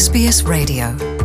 SBS Radio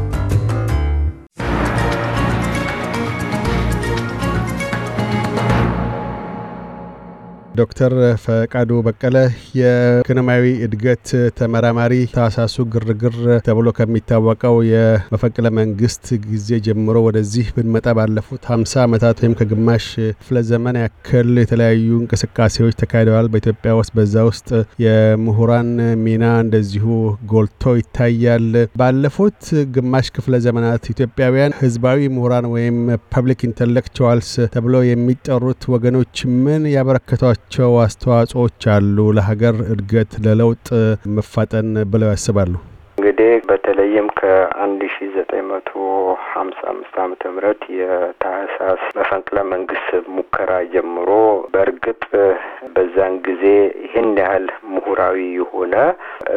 ዶክተር ፈቃዱ በቀለ የኢኮኖሚያዊ እድገት ተመራማሪ ታሳሱ ግርግር ተብሎ ከሚታወቀው የመፈንቅለ መንግስት ጊዜ ጀምሮ ወደዚህ ብንመጣ ባለፉት ሀምሳ ዓመታት ወይም ከግማሽ ክፍለ ዘመን ያክል የተለያዩ እንቅስቃሴዎች ተካሂደዋል በኢትዮጵያ ውስጥ። በዛ ውስጥ የምሁራን ሚና እንደዚሁ ጎልቶ ይታያል። ባለፉት ግማሽ ክፍለ ዘመናት ኢትዮጵያውያን ህዝባዊ ምሁራን ወይም ፐብሊክ ኢንተሌክቸዋልስ ተብለው የሚጠሩት ወገኖች ምን ያበረከቷቸው ያላቸው አስተዋጽኦች አሉ ለሀገር እድገት፣ ለለውጥ መፋጠን ብለው ያስባሉ? እንግዲህ በተለይም ከአንድ ሺ ዘጠኝ መቶ ሀምሳ አምስት አመተ ምህረት የታህሳስ መፈንቅለ መንግስት ሙከራ ጀምሮ በእርግጥ በዛን ጊዜ ይህን ያህል ምሁራዊ የሆነ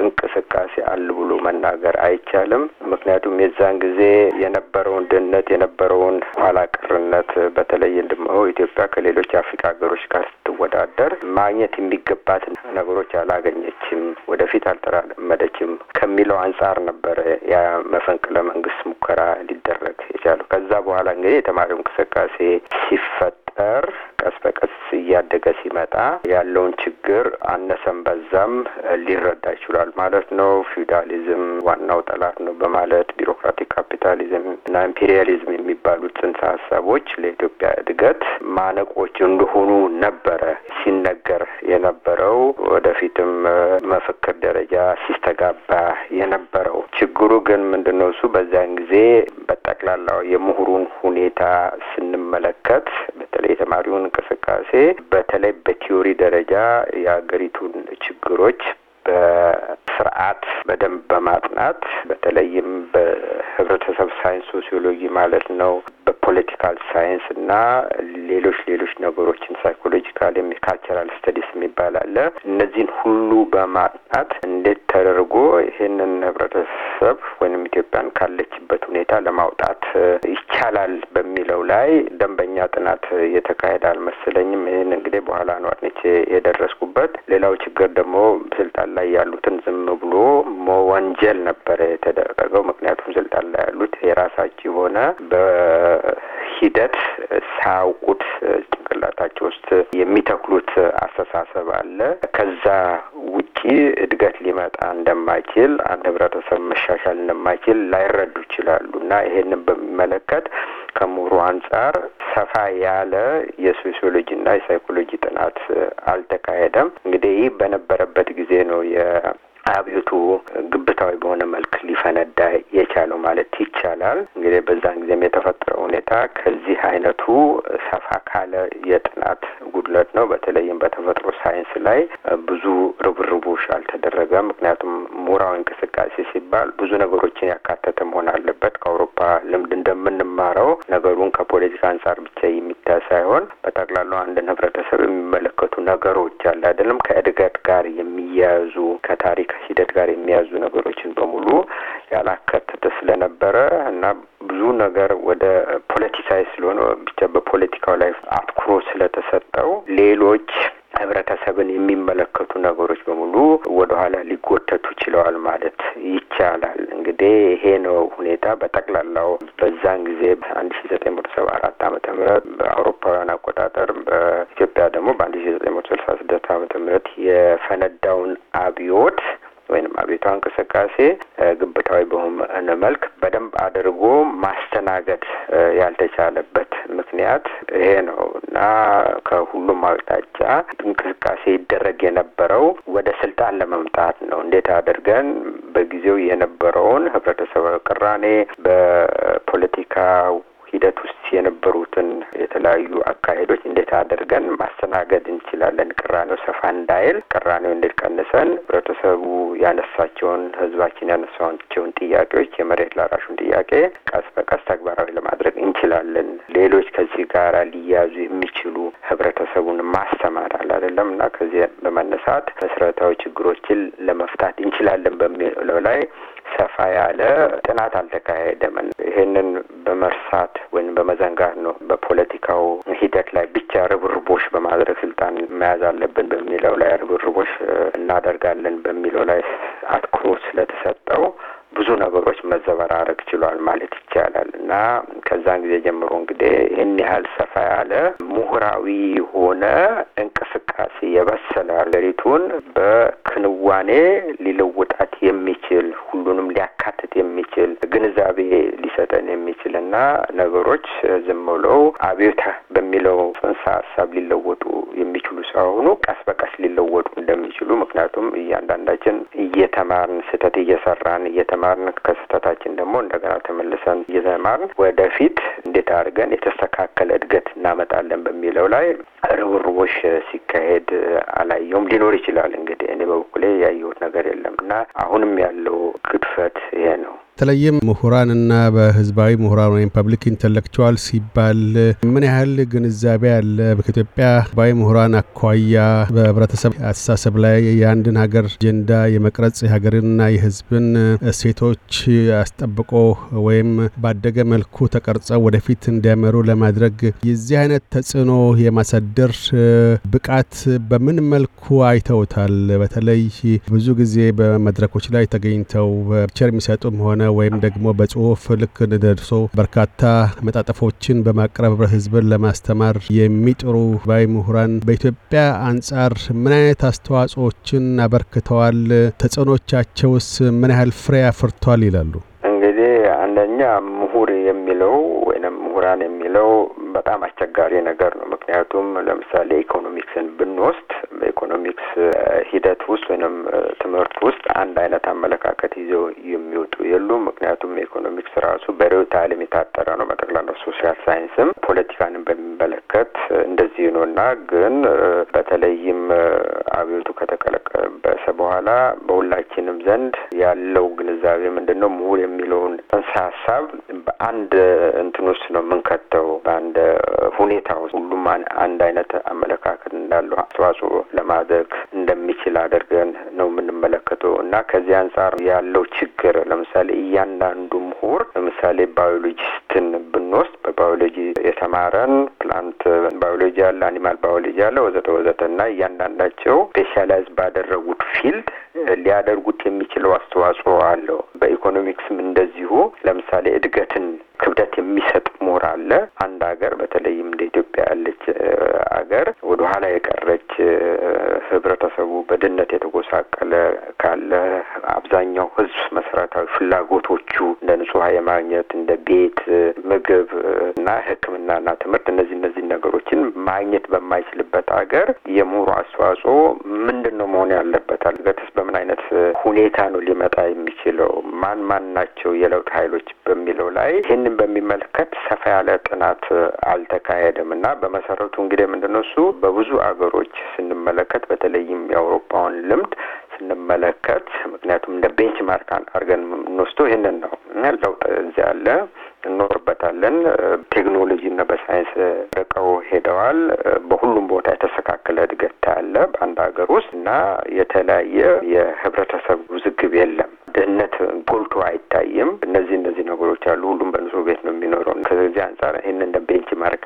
እንቅስቃሴ አለ ብሎ መናገር አይቻልም። ምክንያቱም የዛን ጊዜ የነበረውን ድህነት የነበረውን ኋላቀርነት በተለይ ደግሞ ኢትዮጵያ ከሌሎች አፍሪካ ሀገሮች ጋር ስትወዳደር ማግኘት የሚገባትን ነገሮች አላገኘችም፣ ወደፊት አልተራመደችም ከሚለው አንጻር ነበረ ያ መፈንቅለ መንግስት ሙከራ ሊደረግ የቻለው። ከዛ በኋላ እንግዲህ የተማሪው እንቅስቃሴ ሲፈት ዶክተር ቀስ በቀስ እያደገ ሲመጣ ያለውን ችግር አነሰም በዛም ሊረዳ ይችላል ማለት ነው። ፊውዳሊዝም ዋናው ጠላት ነው በማለት ቢሮክራቲክ ካፒታሊዝም እና ኢምፔሪያሊዝም የሚባሉት ጽንሰ ሀሳቦች ለኢትዮጵያ እድገት ማነቆች እንደሆኑ ነበረ ሲነገር የነበረው ወደፊትም መፈክር ደረጃ ሲስተጋባ የነበረው ችግሩ ግን ምንድነው? እሱ በዚያን ጊዜ በጠቅላላው የምሁሩን ሁኔታ ስንመለከት በተለይ የተማሪውን እንቅስቃሴ በተለይ በቲዮሪ ደረጃ የሀገሪቱን ችግሮች በስርዓት በደንብ በማጥናት በተለይም በህብረተሰብ ሳይንስ ሶሲዮሎጂ ማለት ነው በፖለቲካል ሳይንስ እና ሌሎች ሌሎች ነገሮችን ሳይኮሎጂካል ካልቸራል ስተዲስ የሚባል አለ። እነዚህን ሁሉ በማጥናት እንዴት ተደርጎ ይህንን ህብረተሰብ ወይም ኢትዮጵያን ካለችበት ሁኔታ ለማውጣት ይቻላል በሚለው ላይ ደንበኛ ጥናት የተካሄደ አልመሰለኝም። ይህን ጊዜ በኋላ ነው አጥንቼ የደረስኩበት። ሌላው ችግር ደግሞ ስልጣን ላይ ያሉትን ዝም ብሎ መወንጀል ነበረ የተደረገው። ምክንያቱም ስልጣን ላይ ያሉት የራሳቸው የሆነ በሂደት ሳያውቁት ጭንቅላታቸው ውስጥ የሚተክሉት አስተሳሰብ አለ። ከዛ ውጪ እድገት ሊመጣ እንደማይችል አንድ ህብረተሰብ መሻሻል እንደማይችል ላይረዱ ይችላሉ እና ይሄንን በሚመለከት ከምሁሩ አንጻር ሰፋ ያለ የሶሲዮሎጂ የሳይኮሎጂ ጥናት አልተካሄደም። እንግዲህ ይህ በነበረበት ጊዜ ነው አብዮቱ ግብታዊ በሆነ መልክ ሊፈነዳ የቻለው ማለት ይቻላል። እንግዲህ በዛን ጊዜም የተፈጠረው ሁኔታ ከዚህ አይነቱ ሰፋ ካለ የጥናት ጉድለት ነው። በተለይም በተፈጥሮ ሳይንስ ላይ ብዙ ርብርቦች አልተደረገም። ምክንያቱም ምሁራዊ እንቅስቃሴ ሲባል ብዙ ነገሮችን ያካተተ መሆን አለበት። ከአውሮፓ ልምድ እንደምንማረው ነገሩን ከፖለቲካ አንጻር ብቻ የሚታይ ሳይሆን በጠቅላላው አንድን ህብረተሰብ የሚመለከቱ ነገሮች አለ አይደለም ከእድገት ጋር የሚያያዙ ከታሪክ ሂደት ጋር የሚያዙ ነገሮችን በሙሉ ያላካተተ ስለነበረ እና ብዙ ነገር ወደ ፖለቲካዊ ስለሆነ ብቻ በፖለቲካው ላይ አትኩሮ ስለተሰጠው ሌሎች ህብረተሰብን የሚመለከቱ ነገሮች በሙሉ ወደኋላ ሊጎተቱ ችለዋል ማለት ይቻላል። እንግዲህ ይሄ ነው ሁኔታ በጠቅላላው በዛን ጊዜ በአንድ ሺ ዘጠኝ መቶ ሰባ አራት አመተ ምህረት በአውሮፓውያን አቆጣጠር በኢትዮጵያ ደግሞ በአንድ ሺ ዘጠኝ መቶ ስልሳ ስድስት አመተ ምህረት የፈነዳውን አብዮት ወይም አቤታዊ እንቅስቃሴ ግብታዊ በሆነ መልክ በደንብ አድርጎ ማስተናገድ ያልተቻለበት ምክንያት ይሄ ነው እና ከሁሉም አቅጣጫ እንቅስቃሴ ይደረግ የነበረው ወደ ስልጣን ለመምጣት ነው። እንዴት አድርገን በጊዜው የነበረውን ህብረተሰባዊ ቅራኔ በፖለቲካው ሂደት ውስጥ የነበሩትን የተለያዩ አካሄዶች እንዴት አድርገን ማስተናገድ እንችላለን፣ ቅራኔው ሰፋ እንዳይል፣ ቅራኔው እንዴት ቀንሰን ህብረተሰቡ ያነሳቸውን ህዝባችን ያነሳቸውን ጥያቄዎች የመሬት ላራሹን ጥያቄ ቀስ በቀስ ተግባራዊ ለማድረግ እንችላለን። ሌሎች ከዚህ ጋር ሊያዙ የሚችሉ ህብረተሰቡን ማስተማር አለ አይደለም እና ከዚህ በመነሳት መሰረታዊ ችግሮችን ለመፍታት እንችላለን በሚለው ላይ ሰፋ ያለ ጥናት አልተካሄደም። ይሄንን በመርሳት ወይም በመዘንጋት ነው። በፖለቲካው ሂደት ላይ ብቻ ርብርቦች በማድረግ ስልጣን መያዝ አለብን በሚለው ላይ ርብርቦች እናደርጋለን በሚለው ላይ አትኩሮት ስለተሰጠው ብዙ ነገሮች መዘበራረቅ ችሏል ማለት ይቻላል እና ከዛን ጊዜ ጀምሮ እንግዲህ ይህን ያህል ሰፋ ያለ ምሁራዊ የሆነ እንቅስቃሴ የበሰለ ሀገሪቱን በክንዋኔ ሊለውጣት የሚችል ሁሉንም ሊያካትት የሚችል ግንዛቤ ሊሰጠን የሚችል እና ነገሮች ዝም ብለው አብዮታ በሚለው ጽንሰ ሀሳብ ሊለወጡ የሚችሉ ሳይሆኑ ቀስ በቀስ ሊለወጡ እንደሚችሉ ምክንያቱም እያንዳንዳችን እየተማርን ስህተት እየሰራን እየተማርን ከስህተታችን ደግሞ እንደገና ተመልሰን እየተማርን ወደፊት እንዴት አድርገን የተስተካከለ እድገት እናመጣለን በሚለው ላይ ርብርቦች ሲካሄድ አላየውም። ሊኖር ይችላል እንግዲህ እኔ በበኩሌ ያየሁት ነገር የለም እና አሁንም ያለው ግድፈት ይሄ ነው። በተለይም ምሁራንና በህዝባዊ ምሁራን ወይም ፐብሊክ ኢንተሌክቹዋል ሲባል ምን ያህል ግንዛቤ አለ? ከኢትዮጵያ ህዝባዊ ምሁራን አኳያ በህብረተሰብ አስተሳሰብ ላይ የአንድን ሀገር አጀንዳ የመቅረጽ የሀገርንና የህዝብን እሴቶች አስጠብቆ ወይም ባደገ መልኩ ተቀርጸው ወደፊት እንዲያመሩ ለማድረግ የዚህ አይነት ተጽዕኖ የማሳደር ብቃት በምን መልኩ አይተውታል? በተለይ ብዙ ጊዜ በመድረኮች ላይ ተገኝተው ቸር የሚሰጡም ሆነ ወይም ደግሞ በጽሁፍ ልክ ደርሶ በርካታ መጣጠፎችን በማቅረብ ህዝብን ለማስተማር የሚጥሩ ባይ ምሁራን በኢትዮጵያ አንጻር ምን አይነት አስተዋጽኦችን አበርክተዋል? ተጽዕኖቻቸውስ ምን ያህል ፍሬ አፍርቷል? ይላሉ እንግዲህ አንደኛ ምሁር የሚለው ወይም ምሁራን የሚለው በጣም አስቸጋሪ ነገር ነው። ምክንያቱም ለምሳሌ ኢኮኖሚክስን ብንወስድ በኢኮኖሚክስ ሂደት ውስጥ ወይም ትምህርት ውስጥ አንድ አይነት አመለካከት ይዘው የሚወጡ የሉም። ምክንያቱም ኢኮኖሚክስ ራሱ በርዕዮተ ዓለም የታጠረ ነው። በጠቅላላው ሶሻል ሳይንስም ፖለቲካንም በሚመለከት እንደዚህ ነው እና ግን በተለይም አብዮቱ ከተቀለቀበሰ በኋላ በሁላችንም ዘንድ ያለው ግንዛቤ ምንድን ነው? ምሁር የሚለውን ጽንሰ ሀሳብ በአንድ እንትን ውስጥ ነው የምንከተው በአንድ እንደ ሁኔታው ሁሉም አንድ አይነት አመለካከት እንዳለው አስተዋጽኦ ለማድረግ እንደሚችል አድርገን ነው የምንመለከተው እና ከዚህ አንጻር ያለው ችግር ለምሳሌ እያንዳንዱ ምሁር ለምሳሌ ባዮሎጂስትን ብንወስድ በባዮሎጂ የተማረን ፕላንት ባዮሎጂ አለ፣ አኒማል ባዮሎጂ አለ፣ ወዘተ ወዘተ እና እያንዳንዳቸው ስፔሻላይዝ ባደረጉት ፊልድ ሊያደርጉት የሚችለው አስተዋጽኦ አለው። በኢኮኖሚክስም እንደዚሁ ለምሳሌ እድገትን ክብደት የሚሰጥ ሞር አለ። አንድ ሀገር በተለይም እንደ ኢትዮጵያ ያለች አገር ወደ ኋላ የቀረች ህብረተሰቡ በድህነት የተጎሳቀለ ካለ አብዛኛው ህዝብ መሰረታዊ ፍላጎቶቹ እንደ ንጹህ የማግኘት እንደ ቤት፣ ምግብ እና ሕክምናና ትምህርት እነዚህ እነዚህ ነገሮችን ማግኘት በማይችልበት ሀገር የምሁሩ አስተዋጽኦ ምንድን ነው መሆን ያለበታል? በምን አይነት ሁኔታ ነው ሊመጣ የሚችለው? ማን ማን ናቸው የለውጥ ኃይሎች በሚለው ላይ ይህንን በሚመለከት ሰፋ ያለ ጥናት አልተካሄደም እና በመሰረቱ እንግዲህ ምንድነው እሱ በብዙ አገሮች ስንመለከት በተለይም የአውሮፓውን ልምድ ስንመለከት ምክንያቱም እንደ ቤንችማርክ አድርገን የምንወስደው ይህንን ነው። ለውጥ እዚያ አለ፣ እንኖርበታለን። ቴክኖሎጂና በሳይንስ ርቀው ሄደዋል። በሁሉም ቦታ የተስተካከለ እድገት ያለ በአንድ ሀገር ውስጥ እና የተለያየ የህብረተሰብ ውዝግብ የለም። ድህነት ጎልቶ አይታይም። እነዚህ እነዚህ ነገሮች አሉ። ሁሉም በንጹህ ቤት ነው የሚኖረው። ከዚህ አንጻር ይህን እንደ ቤንች ማርክ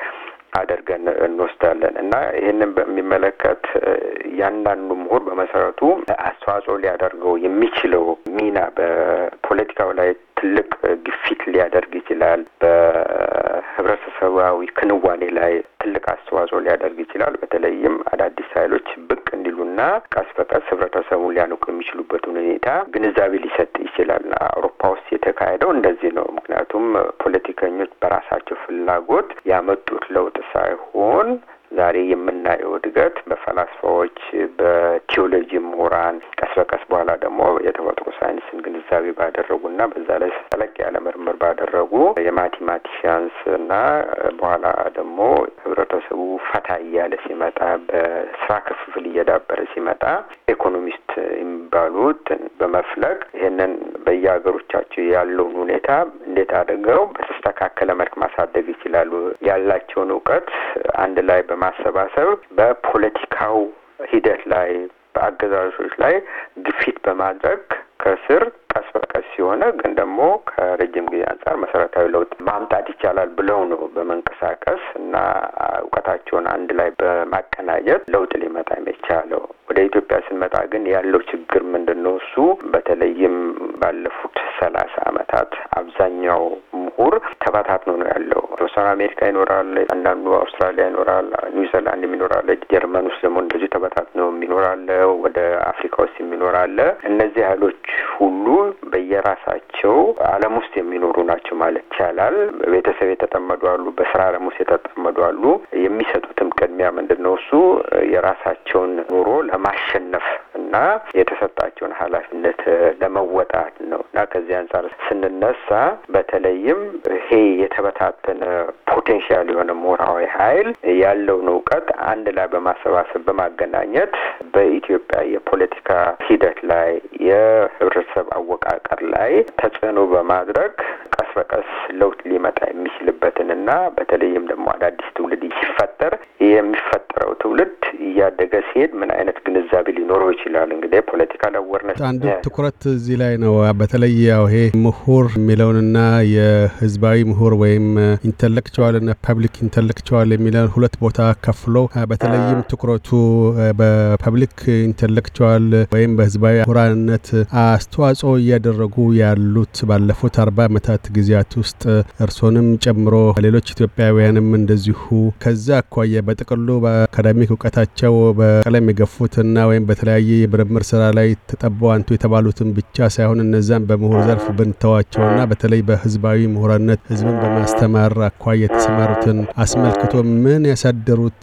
አድርገን እንወስዳለን እና ይህንን በሚመለከት እያንዳንዱ ምሁር በመሰረቱ አስተዋጽኦ ሊያደርገው የሚችለው ሚና በፖለቲካው ላይ ትልቅ ግፊት ሊያደርግ ይችላል። በህብረተሰባዊ ክንዋኔ ላይ ትልቅ አስተዋጽኦ ሊያደርግ ይችላል። በተለይም አዳዲስ ኃይሎች ብቅ እንዲሉና ቀስ በቀስ ህብረተሰቡን ሊያንቁ የሚችሉበት ሁኔታ ግንዛቤ ሊሰጥ ይችላል። አውሮፓ ውስጥ የተካሄደው እንደዚህ ነው። ምክንያቱም ፖለቲከኞች በራሳቸው ፍላጎት ያመጡት ለውጥ ሳይሆን ዛሬ የምናየው እድገት በፈላስፋዎች፣ የአርኪኦሎጂ ምሁራን ቀስ በቀስ በኋላ ደግሞ የተፈጥሮ ሳይንስን ግንዛቤ ባደረጉና በዛ ላይ ተለቅ ያለ ምርምር ባደረጉ የማቴማቲሽያንስ እና በኋላ ደግሞ ህብረተሰቡ ፈታ እያለ ሲመጣ በስራ ክፍፍል እየዳበረ ሲመጣ ኢኮኖሚስት የሚባሉት በመፍለግ ይህንን በየሀገሮቻቸው ያለውን ሁኔታ እንዴት አድርገው በተስተካከለ መልክ ማሳደግ ይችላሉ ያላቸውን እውቀት አንድ ላይ በማሰባሰብ በፖለቲካው ሂደት ላይ በአገዛዞች ላይ ግፊት በማድረግ ከስር ቀስ በቀስ ሲሆነ ግን ደግሞ ከረጅም ጊዜ አንጻር መሰረታዊ ለውጥ ማምጣት ይቻላል ብለው ነው በመንቀሳቀስ እና እውቀታቸውን አንድ ላይ በማቀናጀት ለውጥ ሊመጣ የሚቻለው። ወደ ኢትዮጵያ ስንመጣ ግን ያለው ችግር ምንድን ነው? እሱ በተለይም ባለፉት ሰላሳ አመታት አብዛኛው ምሁር ተበታትኖ ነው ያለው። ተወሰኑ አሜሪካ ይኖራል፣ አንዳንዱ አውስትራሊያ ይኖራል፣ ኒውዚላንድ የሚኖራለ፣ ጀርመን ውስጥ ደግሞ እንደዚሁ ተበታትኖ የሚኖራለ፣ ወደ አፍሪካ ውስጥ የሚኖራለ። እነዚህ ያህሎች ሁሉ በየራሳቸው ዓለም ውስጥ የሚኖሩ ናቸው ማለት ይቻላል። በቤተሰብ የተጠመዱ አሉ፣ በስራ ዓለም ውስጥ የተጠመዱ አሉ። የሚሰጡትም ቅድሚያ ምንድን ነው? እሱ የራሳቸውን ኑሮ ለማሸነፍ እና የተሰጣቸውን ኃላፊነት ለመወጣት ነው እና ከዚህ አንጻር ስንነሳ በተለይም ይሄ የተበታተነ ፖቴንሻል የሆነ ምሁራዊ ኃይል ያለውን እውቀት አንድ ላይ በማሰባሰብ በማገናኘት በኢትዮጵያ የፖለቲካ ሂደት ላይ የህብረተሰብ አወቃቀር ላይ ተጽዕኖ በማድረግ ቀስ በቀስ ለውጥ ሊመጣ የሚችልበትን እና በተለይም ደግሞ አዳዲስ ትውልድ ሲፈጠር የሚፈጠረው ትውልድ እያደገ ሲሄድ ምን አይነት ግንዛቤ ሊኖረው ይችላል ይችላል። እንግዲህ የፖለቲካል አወርነት አንዱ ትኩረት እዚህ ላይ ነው። በተለይ ያው ይሄ ምሁር የሚለውንና የህዝባዊ ምሁር ወይም ኢንተሌክቹዋልና ፐብሊክ ኢንተሌክቹዋል የሚለውን ሁለት ቦታ ከፍሎ በተለይም ትኩረቱ በፐብሊክ ኢንተሌክቹዋል ወይም በህዝባዊ ምሁራንነት አስተዋጽኦ እያደረጉ ያሉት ባለፉት አርባ ዓመታት ጊዜያት ውስጥ እርሶንም ጨምሮ ሌሎች ኢትዮጵያውያንም እንደዚሁ ከዛ አኳያ በጥቅሉ በአካዳሚክ እውቀታቸው በቀለም የገፉትና ወይም በተለያየ ምርምር ስራ ላይ ተጠበው አንቱ የተባሉትን ብቻ ሳይሆን እነዛን በምሁር ዘርፍ ብንተዋቸውና በተለይ በህዝባዊ ምሁራነት ህዝብን በማስተማር አኳያ የተሰማሩትን አስመልክቶ ምን ያሳደሩት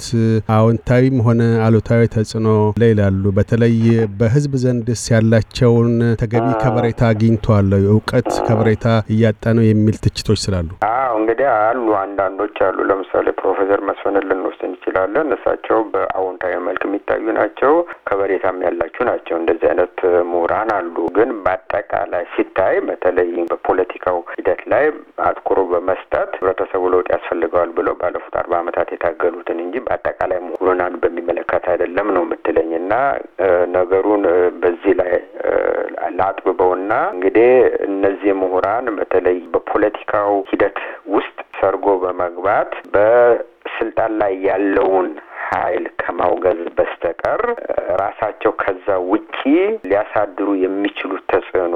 አዎንታዊም ሆነ አሉታዊ ተጽዕኖ ላይ ይላሉ? በተለይ በህዝብ ዘንድስ ያላቸውን ተገቢ ከበሬታ አግኝተዋል? እውቀት ከበሬታ እያጣ ነው የሚል ትችቶች ስላሉ አዎ እንግዲህ አሉ አንዳንዶች አሉ። ለምሳሌ ፕሮፌሰር መስፍንን ልንወስድ እንችላለን። እሳቸው በአዎንታዊ መልክ የሚታዩ ናቸው፣ ከበሬታም ያላቸው ናቸው። እንደዚህ አይነት ምሁራን አሉ። ግን በአጠቃላይ ሲታይ በተለይ በፖለቲካው ሂደት ላይ አትኩሮ በመስጠት ህብረተሰቡ ለውጥ ያስፈልገዋል ብለው ባለፉት አርባ ዓመታት የታገሉትን እንጂ በአጠቃላይ ምሁራን በሚመለከት አይደለም ነው የምትለኝ እና ነገሩን በዚህ ላይ ላጥብበውና እንግዲህ እነዚህ ምሁራን በተለይ በፖለቲካው ሂደት ውስጥ ሰርጎ በመግባት በስልጣን ላይ ያለውን ኃይል ከማውገዝ በስተቀር ራሳቸው ከዛ ውጪ ሊያሳድሩ የሚችሉት ተጽዕኖ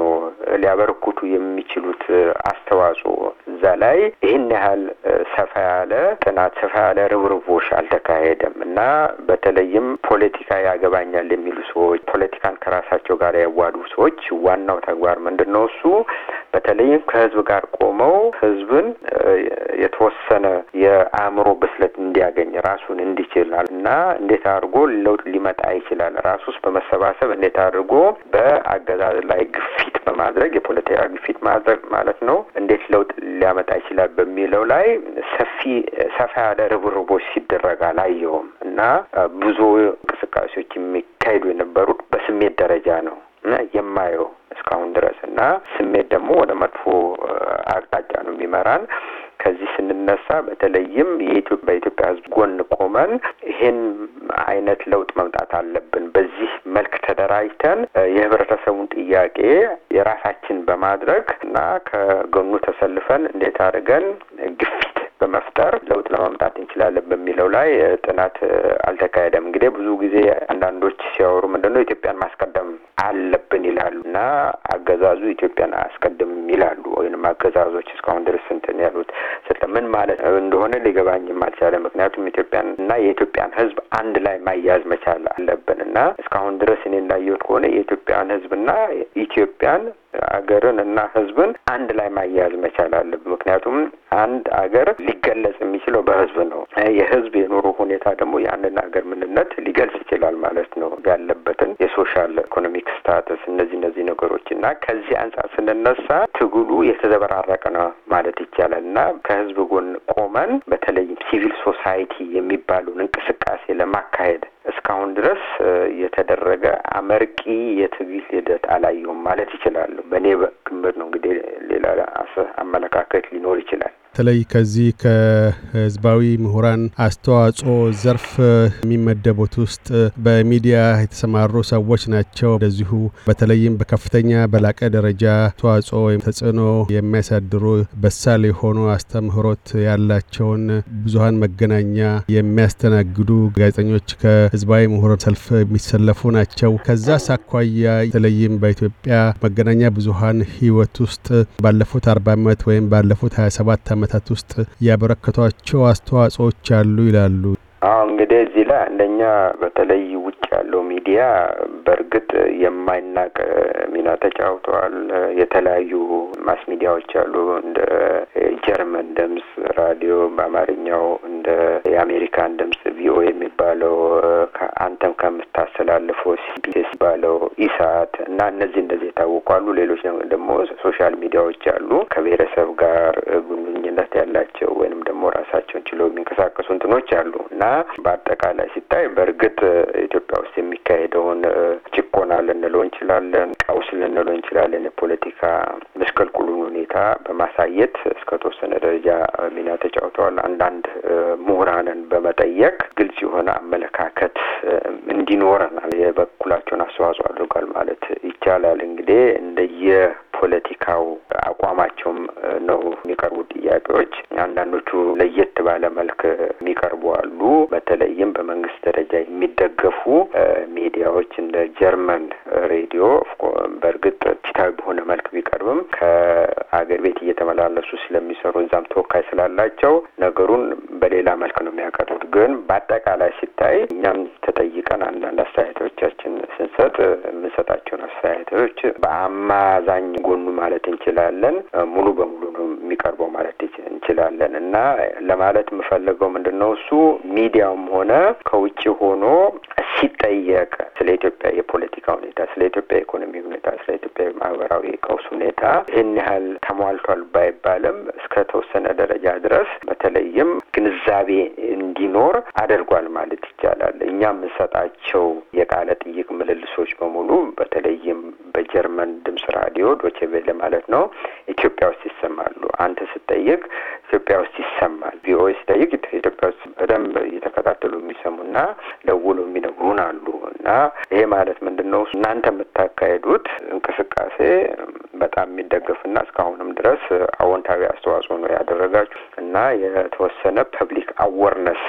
ሊያበረክቱ የሚችሉት አስተዋጽኦ እዛ ላይ ይህን ያህል ሰፋ ያለ ጥናት ሰፋ ያለ ርብርቦሽ አልተካሄደም እና በተለይም ፖለቲካ ያገባኛል የሚሉ ሰዎች ፖለቲካን ከራሳቸው ጋር ያዋዱ ሰዎች ዋናው ተግባር ምንድን ነው? እሱ በተለይም ከህዝብ ጋር ቆመው ህዝብን የተወሰነ የአእምሮ ብስለት እንዲያገኝ ራሱን እንዲችል ይኖራል እና እንዴት አድርጎ ለውጥ ሊመጣ ይችላል? ውስጥ በመሰባሰብ እንዴት አድርጎ በአገዛዝ ላይ ግፊት በማድረግ የፖለቲካ ግፊት ማድረግ ማለት ነው እንዴት ለውጥ ሊያመጣ ይችላል በሚለው ላይ ሰፊ ሰፋ ያለ ርብርቦች ሲደረግ አላየውም እና ብዙ እንቅስቃሴዎች የሚካሄዱ የነበሩት በስሜት ደረጃ ነው የማየው እስካሁን ድረስ እና ስሜት ደግሞ ወደ መጥፎ አቅጣጫ ነው የሚመራን። ከዚህ ስንነሳ በተለይም በኢትዮጵያ ሕዝብ ጎን ቆመን ይህን አይነት ለውጥ መምጣት አለብን። በዚህ መልክ ተደራጅተን የህብረተሰቡን ጥያቄ የራሳችን በማድረግ እና ከጎኑ ተሰልፈን እንዴት አድርገን ግፊት በመፍጠር ለውጥ ለማምጣት እንችላለን በሚለው ላይ ጥናት አልተካሄደም። እንግዲህ ብዙ ጊዜ አንዳንዶች ሲያወሩ ምንድነው ኢትዮጵያን ማስቀደም አለብን ይላሉ እና አገዛዙ ኢትዮጵያን አያስቀድምም ይላሉ። ወይም አገዛዞች እስካሁን ድረስ እንትን ያሉት ስለ ምን ማለት እንደሆነ ሊገባኝም አልቻለ። ምክንያቱም ኢትዮጵያን እና የኢትዮጵያን ሕዝብ አንድ ላይ ማያዝ መቻል አለብን እና እስካሁን ድረስ እኔ እንዳየሁት ከሆነ የኢትዮጵያን ሕዝብና ኢትዮጵያን አገርን እና ህዝብን አንድ ላይ ማያያዝ መቻል አለብን። ምክንያቱም አንድ አገር ሊገለጽ የሚችለው በህዝብ ነው። የህዝብ የኑሮ ሁኔታ ደግሞ ያንን አገር ምንነት ሊገልጽ ይችላል ማለት ነው። ያለበትን የሶሻል ኢኮኖሚክ ስታትስ እነዚህ እነዚህ ነገሮች እና ከዚህ አንጻር ስንነሳ ትግሉ የተዘበራረቀ ነው ማለት ይቻላል እና ከህዝብ ጎን ቆመን በተለይም ሲቪል ሶሳይቲ የሚባለውን እንቅስቃሴ ለማካሄድ እስካሁን ድረስ የተደረገ አመርቂ የትግል ሂደት አላየሁም ማለት ይችላሉ። በእኔ ግምት ነው። እንግዲህ ሌላ አመለካከት ሊኖር ይችላል። በተለይ ከዚህ ከህዝባዊ ምሁራን አስተዋጽኦ ዘርፍ የሚመደቡት ውስጥ በሚዲያ የተሰማሩ ሰዎች ናቸው። እንደዚሁ በተለይም በከፍተኛ በላቀ ደረጃ አስተዋጽኦ ወይም ተጽዕኖ የሚያሳድሩ በሳል የሆኑ አስተምህሮት ያላቸውን ብዙሀን መገናኛ የሚያስተናግዱ ጋዜጠኞች ከህዝባዊ ምሁራን ሰልፍ የሚሰለፉ ናቸው። ከዛ ሳኳያ በተለይም በኢትዮጵያ መገናኛ ብዙሀን ህይወት ውስጥ ባለፉት አርባ ዓመት ወይም ባለፉት ሀያ ሰባት ዓመት ዓመታት ውስጥ ያበረከቷቸው አስተዋጽዎች አሉ ይላሉ። አሁን እንግዲህ እዚህ ላይ አንደኛ በተለይ ውጭ ያለው ሚዲያ በእርግጥ የማይናቅ ሚና ተጫውተዋል። የተለያዩ ማስ ሚዲያዎች አሉ እንደ ጀርመን ድምፅ ራዲዮ በአማርኛው እንደ የአሜሪካን ድምፅ ቪኦኤ የሚባለው አንተም ከምታስተላልፈው ሲቢኤስ ባለው ኢሳት እና እነዚህ እንደዚህ የታወቋሉ። ሌሎች ደግሞ ሶሻል ሚዲያዎች አሉ ከብሔረሰብ ጋር ግንኙነት ያላቸው ወይንም ደግሞ ራሳቸውን ችለው የሚንቀሳቀሱ እንትኖች አሉ እና በአጠቃላይ ሲታይ በእርግጥ ኢትዮጵያ ውስጥ የሚካሄደውን ጭቆና ልንለው እንችላለን፣ ቀውስ ልንለው እንችላለን፣ የፖለቲካ መስቀልቁሉን ሁኔታ በማሳየት እስከ ተወሰነ ደረጃ ሚና ተጫውተዋል። አንዳንድ ምሁራንን በመጠየቅ ግልጽ የሆነ አመለካከት እንዲኖረን የበኩላቸውን አስተዋጽኦ አድርጓል ማለት ይቻላል። እንግዲህ እንደየ ፖለቲካው አቋማቸውም ነው የሚቀርቡ ጥያቄዎች። አንዳንዶቹ ለየት ባለ መልክ የሚቀርቡ አሉ። በተለይም በመንግስት ደረጃ የሚደገፉ ሚዲያዎች እንደ ጀርመን ሬዲዮ በእርግጥ ፊታዊ በሆነ መልክ ቢቀርብም ከአገር ቤት እየተመላለሱ ስለሚሰሩ እዛም ተወካይ ስላላቸው ነገሩን በሌላ መልክ ነው የሚያቀርቡት። ግን በአጠቃላይ ሲታይ እኛም ተጠይቀን አንዳንድ አስተያየቶቻችን ስንሰጥ የምንሰጣቸው አስተያየቶች በአማዛኝ ጎኑ ማለት እንችላለን ሙሉ በሙሉ ነው የሚቀርበው ማለት እንችላለን እና ለማለት የምፈልገው ምንድን ነው እሱ ሚዲያውም ሆነ ከውጭ ሆኖ ሲጠየቅ ስለ ኢትዮጵያ የፖለቲካ ሁኔታ፣ ስለ ኢትዮጵያ የኢኮኖሚ ሁኔታ፣ ስለ ኢትዮጵያ ማህበራዊ ቀውስ ሁኔታ ይህን ያህል ተሟልቷል ባይባልም እስከ ተወሰነ ደረጃ ድረስ በተለይም ግንዛቤ እንዲኖር አድርጓል ማለት ይቻላል። እኛ የምንሰጣቸው የቃለ ጥይቅ ምልልሶች በሙሉ በተለይም በጀርመን ድምጽ ራዲዮ ዶቼ ቬለ ማለት ነው ኢትዮጵያ ውስጥ ይሰማሉ። አንተ ስጠይቅ ኢትዮጵያ ውስጥ ይሰማል። ቪኦኤ ስጠይቅ ኢትዮጵያ ውስጥ በደንብ እየተከታተሉ የሚሰሙና ደውሎ የሚነግሩን አሉ እና ይሄ ማለት ምንድን ነው? እናንተ የምታካሄዱት እንቅስቃሴ በጣም የሚደገፍና እስካሁንም ድረስ አዎንታዊ አስተዋጽኦ ነው ያደረጋችሁ እና የተወሰነ ፐብሊክ አወርነስ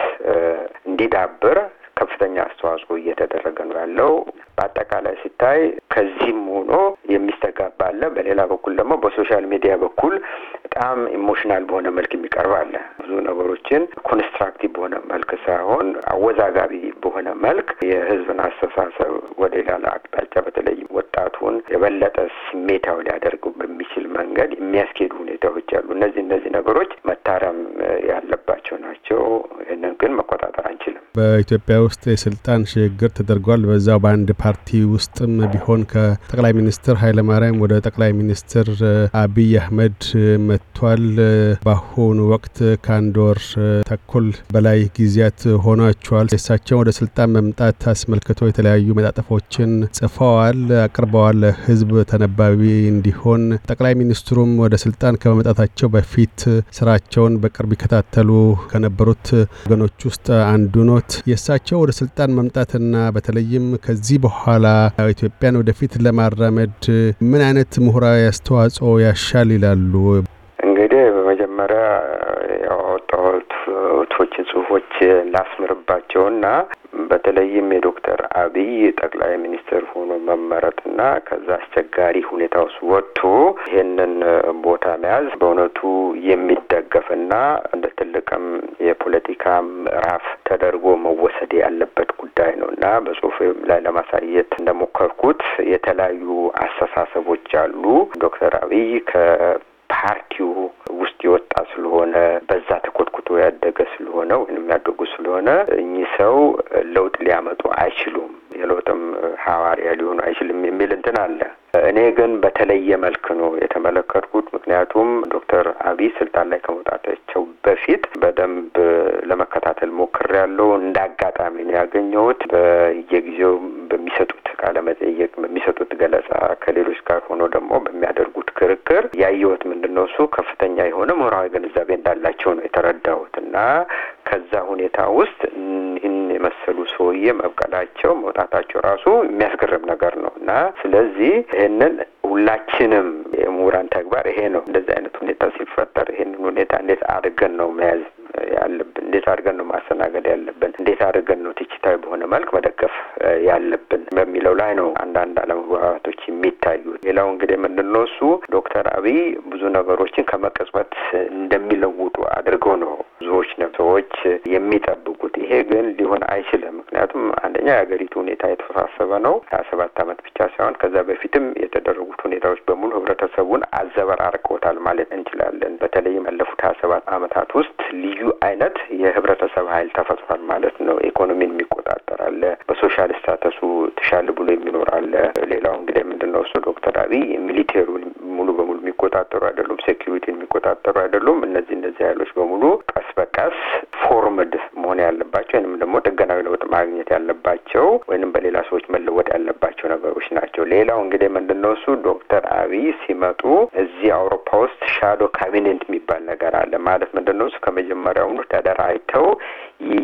እንዲዳብር ከፍተኛ አስተዋጽኦ እየተደረገ ነው ያለው። በአጠቃላይ ሲታይ ከዚህም ሆኖ የሚስተጋባ አለ። በሌላ በኩል ደግሞ በሶሻል ሚዲያ በኩል በጣም ኢሞሽናል በሆነ መልክ የሚቀርብ አለ። ብዙ ነገሮችን ኮንስትራክቲቭ በሆነ መልክ ሳይሆን አወዛጋቢ በሆነ መልክ የህዝብን አስተሳሰብ ወደ ሌላ አቅጣጫ በተለይ ወጣቱን የበለጠ ስሜታዊ ሊያደርገው በሚችል መንገድ የሚያስኬዱ ሁኔታዎች አሉ። እነዚህ እነዚህ ነገሮች መታረም ያለባቸው ናቸው። ይህንን ግን መቆጣጠር አንችልም። በኢትዮጵያ ውስጥ የስልጣን ሽግግር ተደርጓል። በዛው በአንድ ፓርቲ ውስጥም ቢሆን ከጠቅላይ ሚኒስትር ኃይለማርያም ወደ ጠቅላይ ሚኒስትር አብይ አህመድ መጥቷል። በአሁኑ ወቅት ከአንድ ወር ተኩል በላይ ጊዜያት ሆኗቸዋል። የእሳቸውን ወደ ስልጣን መምጣት አስመልክቶ የተለያዩ መጣጥፎችን ጽፈዋል፣ አቅርበዋል ህዝብ ተነባቢ እንዲሆን። ጠቅላይ ሚኒስትሩም ወደ ስልጣን ከመምጣታቸው በፊት ስራቸውን በቅርብ ይከታተሉ ከነበሩት ወገኖች ውስጥ አንዱ ነው። የሚሆኑት የእሳቸው ወደ ስልጣን መምጣትና በተለይም ከዚህ በኋላ ኢትዮጵያን ወደፊት ለማራመድ ምን አይነት ምሁራዊ አስተዋጽኦ ያሻል ይላሉ? እንግዲህ በመጀመሪያ ያወጣሁት ርዕሶች ጽሁፎች ላስምርባቸውና በተለይም የዶክተር አብይ ጠቅላይ ሚኒስትር ሆኖ መመረጥና ከዛ አስቸጋሪ ሁኔታ ውስጥ ወጥቶ ይህንን ቦታ መያዝ በእውነቱ የሚደገፍና እንደ ትልቅም የፖለቲካ ምዕራፍ ተደርጎ መወሰድ ያለበት ጉዳይ ነው እና በጽሁፍ ላይ ለማሳየት እንደሞከርኩት የተለያዩ አስተሳሰቦች አሉ። ዶክተር አብይ ከ ፓርቲው ውስጥ የወጣ ስለሆነ በዛ ተኮትኩቶ ያደገ ስለሆነ ወይም ያደጉ ስለሆነ እኚህ ሰው ለውጥ ሊያመጡ አይችሉም፣ የለውጥም ሐዋርያ ሊሆኑ አይችልም የሚል እንትን አለ። እኔ ግን በተለየ መልክ ነው የተመለከትኩት። ምክንያቱም ዶክተር አብይ ስልጣን ላይ ከመውጣታቸው በፊት በደንብ ለመከታተል ሞክሬያለሁ። እንደ አጋጣሚ ነው ያገኘሁት። በየጊዜው በሚሰጡት ቃለ መጠየቅ በሚሰጡት ገለጻ ከሌሎች ጋር ሆኖ ደግሞ በሚያደርጉት ክርክር ያየሁት ምንድን ነው እሱ ከፍተኛ የሆነ ምሁራዊ ግንዛቤ እንዳላቸው ነው የተረዳሁት እና ከዛ ሁኔታ ውስጥ ይህን የመሰሉ ሰውዬ መብቀላቸው መውጣታቸው ራሱ የሚያስገርም ነገር ነው እና ስለዚህ ይህንን ሁላችንም የምሁራን ተግባር ይሄ ነው። እንደዚህ አይነት ሁኔታ ሲፈጠር ይህንን ሁኔታ እንዴት አድርገን ነው መያዝ ያለብን እንዴት አድርገን ነው ማስተናገድ ያለብን፣ እንዴት አድርገን ነው ትችታዊ በሆነ መልክ መደገፍ ያለብን በሚለው ላይ ነው አንዳንድ አለመግባባቶች የሚታዩት። ሌላው እንግዲህ የምንድነው እሱ ዶክተር አብይ ብዙ ነገሮችን ከመቀጽበት እንደሚለውጡ አድርገው ነው ብዙዎች ሰዎች የሚጠብቁት። ይሄ ግን ሊሆን አይችልም። ምክንያቱም አንደኛ የሀገሪቱ ሁኔታ የተወሳሰበ ነው። ሀያ ሰባት አመት ብቻ ሳይሆን ከዛ በፊትም የተደረጉት ሁኔታዎች በሙሉ ህብረተሰቡን አዘበራርቀውታል ማለት እንችላለን። በተለይም ያለፉት ሀያ ሰባት አመታት ውስጥ ልዩ አይነት የህብረተሰብ ኃይል ተፈጥሯል ማለት ነው። ኢኮኖሚን የሚቆጣጠር ዶክተር አለ፣ በሶሻል ስታተሱ ትሻል ብሎ የሚኖር አለ። ሌላው እንግዲህ ምንድን ነው እሱ ዶክተር አብይ ሚሊቴሩን ሙሉ በሙሉ የሚቆጣጠሩ አይደሉም፣ ሴኪሪቲ የሚቆጣጠሩ አይደሉም። እነዚህ እነዚህ ኃይሎች በሙሉ ቀስ በቀስ ፎርምድ መሆን ያለባቸው ወይንም ደግሞ ጥገናዊ ለውጥ ማግኘት ያለባቸው ወይንም በሌላ ሰዎች መለወጥ ያለባቸው ነገሮች ናቸው። ሌላው እንግዲህ ምንድን ነው እሱ ዶክተር አብይ ሲመጡ እዚህ አውሮፓ ውስጥ ሻዶ ካቢኔት የሚባል ነገር አለ። ማለት ምንድን ነው እሱ ከመጀመሪያውኑ ተደራጅተው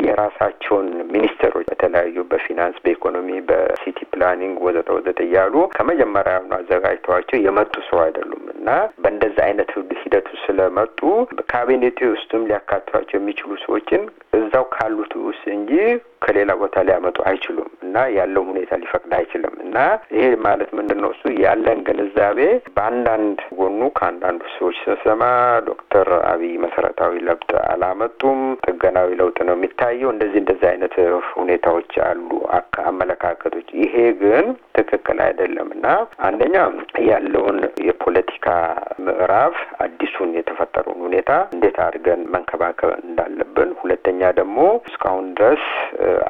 የራሳቸውን ሚኒስትሮች በተለ በተለያዩ በፊናንስ በኢኮኖሚ በሲቲ ፕላኒንግ ወዘተ ወዘተ እያሉ ከመጀመሪያ አዘጋጅተዋቸው የመጡ ሰው አይደሉም እና በእንደዛ አይነት ሂደቱ ስለመጡ ካቢኔቴ ውስጥም ሊያካትቷቸው የሚችሉ ሰዎችን እዛው ካሉት ውስጥ እንጂ ከሌላ ቦታ ሊያመጡ አይችሉም እና ያለው ሁኔታ ሊፈቅድ አይችልም እና ይሄ ማለት ምንድን ነው? እሱ ያለን ግንዛቤ በአንዳንድ ጎኑ ከአንዳንዱ ሰዎች ስንሰማ ዶክተር አብይ መሰረታዊ ለውጥ አላመጡም፣ ጥገናዊ ለውጥ ነው የሚታየው፣ እንደዚህ እንደዚህ አይነት ሁኔታዎች አሉ፣ አመለካከቶች። ይሄ ግን ትክክል አይደለም እና አንደኛ ያለውን የፖለቲካ ምዕራፍ አዲሱን የተፈጠረውን ሁኔታ እንዴት አድርገን መንከባከብ እንዳለብን፣ ሁለተኛ ደግሞ እስካሁን ድረስ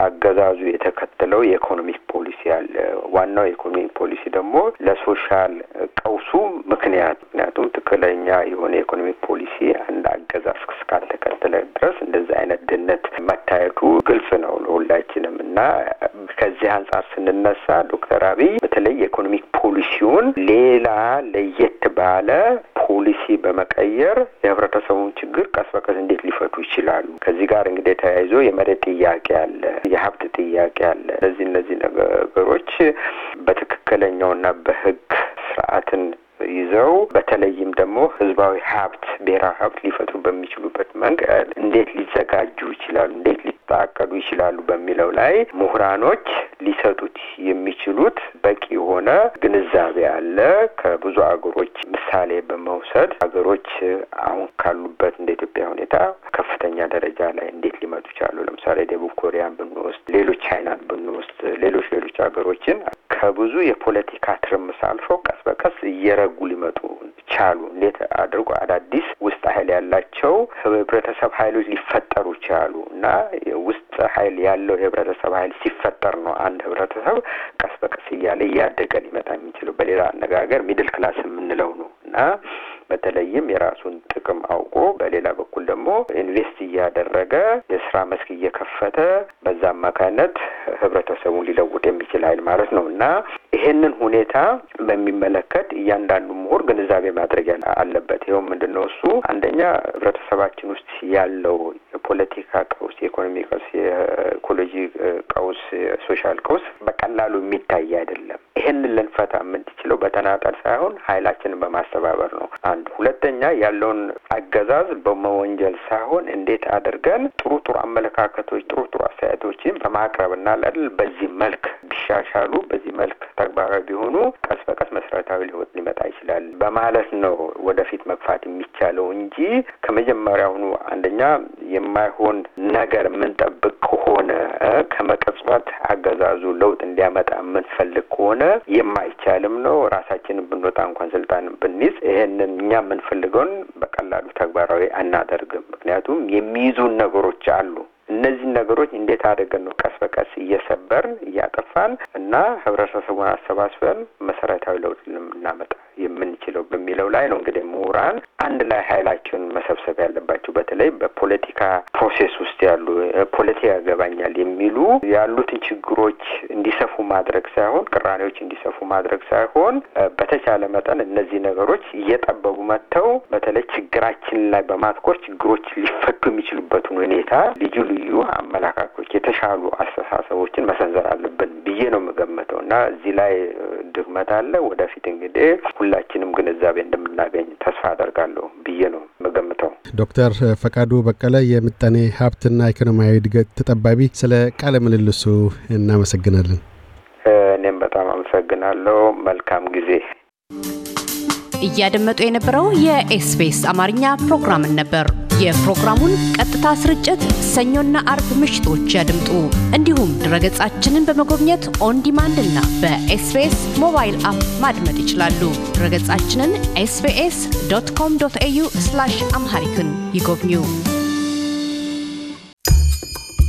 አገዛዙ የተከተለው የኢኮኖሚክ ፖሊሲ አለ። ዋናው የኢኮኖሚክ ፖሊሲ ደግሞ ለሶሻል ቀውሱ ምክንያት ምክንያቱም ትክክለኛ የሆነ የኢኮኖሚክ ፖሊሲ አንድ አገዛዝ እስካልተከተለ ድረስ እንደዚህ አይነት ድህነት መታየቱ ግልጽ ነው ለሁላችንም እና ከዚህ አንጻር ስንነሳ ዶክተር አብይ በተለይ የኢኮኖሚክ ፖሊሲውን ሌላ ለየት ባለ ፖሊሲ በመቀየር የህብረተሰቡን ችግር ቀስ በቀስ እንዴት ሊፈቱ ይችላሉ? ከዚህ ጋር እንግዲህ ተያይዞ የመሬት ጥያቄ አለ፣ የሀብት ጥያቄ አለ። እነዚህ እነዚህ ነገሮች በትክክለኛውና በህግ ስርዓትን ይዘው በተለይም ደግሞ ህዝባዊ ሀብት ብሔራዊ ሀብት ሊፈቱ በሚችሉበት መንገድ እንዴት ሊዘጋጁ ይችላሉ? እንዴት ሊስተካከሉ ይችላሉ በሚለው ላይ ምሁራኖች ሊሰጡት የሚችሉት በቂ የሆነ ግንዛቤ አለ። ከብዙ አገሮች ምሳሌ በመውሰድ ሀገሮች አሁን ካሉበት እንደ ኢትዮጵያ ሁኔታ ከፍተኛ ደረጃ ላይ እንዴት ሊመጡ ይቻሉ፣ ለምሳሌ ደቡብ ኮሪያን ብንወስድ፣ ሌሎች ቻይናን ብንወስድ፣ ሌሎች ሌሎች ሀገሮችን ከብዙ የፖለቲካ ትርምስ አልፈው ቀስ በቀስ እየረጉ ሊመጡ ቻሉ? እንዴት አድርጎ አዳዲስ ውስጥ ኃይል ያላቸው ህብረተሰብ ኃይሎች ሊፈጠሩ ቻሉ? እና ውስጥ ኃይል ያለው የህብረተሰብ ኃይል ሲፈጠር ነው አንድ ህብረተሰብ ቀስ በቀስ እያለ እያደገ ሊመጣ የሚችለው በሌላ አነጋገር ሚድል ክላስ የምንለው ነው እና በተለይም የራሱን ጥቅም አውቆ በሌላ በኩል ደግሞ ኢንቨስት እያደረገ የስራ መስክ እየከፈተ በዛ አማካይነት ህብረተሰቡን ሊለውጥ የሚችል ኃይል ማለት ነው እና ይሄንን ሁኔታ በሚመለከት እያንዳንዱ ምሁር ግንዛቤ ማድረግ አለበት። ይኸው ምንድን ነው እሱ አንደኛ ህብረተሰባችን ውስጥ ያለው የፖለቲካ ቀውስ፣ የኢኮኖሚ ቀውስ፣ የኢኮሎጂ ቀውስ፣ ሶሻል ቀውስ በቀላሉ የሚታይ አይደለም። ይሄንን ልንፈታ የምንችለው በተናጠል ሳይሆን ኃይላችንን በማስተባበር ነው። አንድ ሁለተኛ ያለውን አገዛዝ በመወንጀል ሳይሆን እንዴት አድርገን ጥሩ ጥሩ አመለካከቶች ጥሩ ጥሩ አስተያየቶችን በማቅረብ እና በዚህ መልክ ቢሻሻሉ በዚህ መልክ ተግባራዊ ቢሆኑ ቀስ በቀስ መሰረታዊ ለውጥ ሊመጣ ይችላል በማለት ነው ወደፊት መግፋት የሚቻለው እንጂ ከመጀመሪያውኑ አንደኛ የማይሆን ነገር የምንጠብቅ ከሆነ ከመቅጽበት አገዛዙ ለውጥ እንዲያመጣ የምንፈልግ ከሆነ የማይቻልም ነው። ራሳችንን ብንወጣ እንኳን ስልጣን ብንይዝ ይሄንን እኛ የምንፈልገውን በቀላሉ ተግባራዊ አናደርግም። ምክንያቱም የሚይዙን ነገሮች አሉ። እነዚህን ነገሮች እንዴት አድርገን ነው ቀስ በቀስ እየሰበርን እያጠፋን እና ህብረተሰቡን አሰባስበን መሰረታዊ ለውጥ እናመጣ የምንችለው በሚለው ላይ ነው። እንግዲህ ምሁራን አንድ ላይ ኃይላቸውን መሰብሰብ ያለባቸው በተለይ በፖለቲካ ፕሮሴስ ውስጥ ያሉ ፖለቲካ ያገባኛል የሚሉ ያሉትን ችግሮች እንዲሰፉ ማድረግ ሳይሆን ቅራኔዎች እንዲሰፉ ማድረግ ሳይሆን በተቻለ መጠን እነዚህ ነገሮች እየጠበቡ መጥተው በተለይ ችግራችን ላይ በማትኮር ችግሮች ሊፈቱ የሚችሉበትን ሁኔታ ልዩ ልዩ አመለካከቶች፣ የተሻሉ አስተሳሰቦችን መሰንዘር አለብን ብዬ ነው የምገምተው እና እዚህ ላይ ድክመት አለ። ወደፊት እንግዲህ ሁላችንም ግንዛቤ እንደምናገኝ ተስፋ አደርጋለሁ ብዬ ነው የምገምተው። ዶክተር ፈቃዱ በቀለ የምጣኔ ሀብትና ኢኮኖሚያዊ እድገት ተጠባቢ፣ ስለ ቃለ ምልልሱ እናመሰግናለን። እኔም በጣም አመሰግናለሁ። መልካም ጊዜ። እያደመጡ የነበረው የኤስቢኤስ አማርኛ ፕሮግራምን ነበር። የፕሮግራሙን ቀጥታ ስርጭት ሰኞና አርብ ምሽቶች ያድምጡ። እንዲሁም ድረገጻችንን በመጎብኘት ኦን ዲማንድ እና በኤስቢኤስ ሞባይል አፕ ማድመጥ ይችላሉ። ድረገጻችንን ኤስቢኤስ ዶት ኮም ዶት ኤዩ አምሃሪክን ይጎብኙ።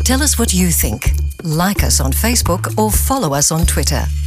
ቴል አስ ዋት ዩ ቲንክ ላይክ አስ ኦን ፌስቡክ ኦር ፎሎው አስ ኦን ትዊተር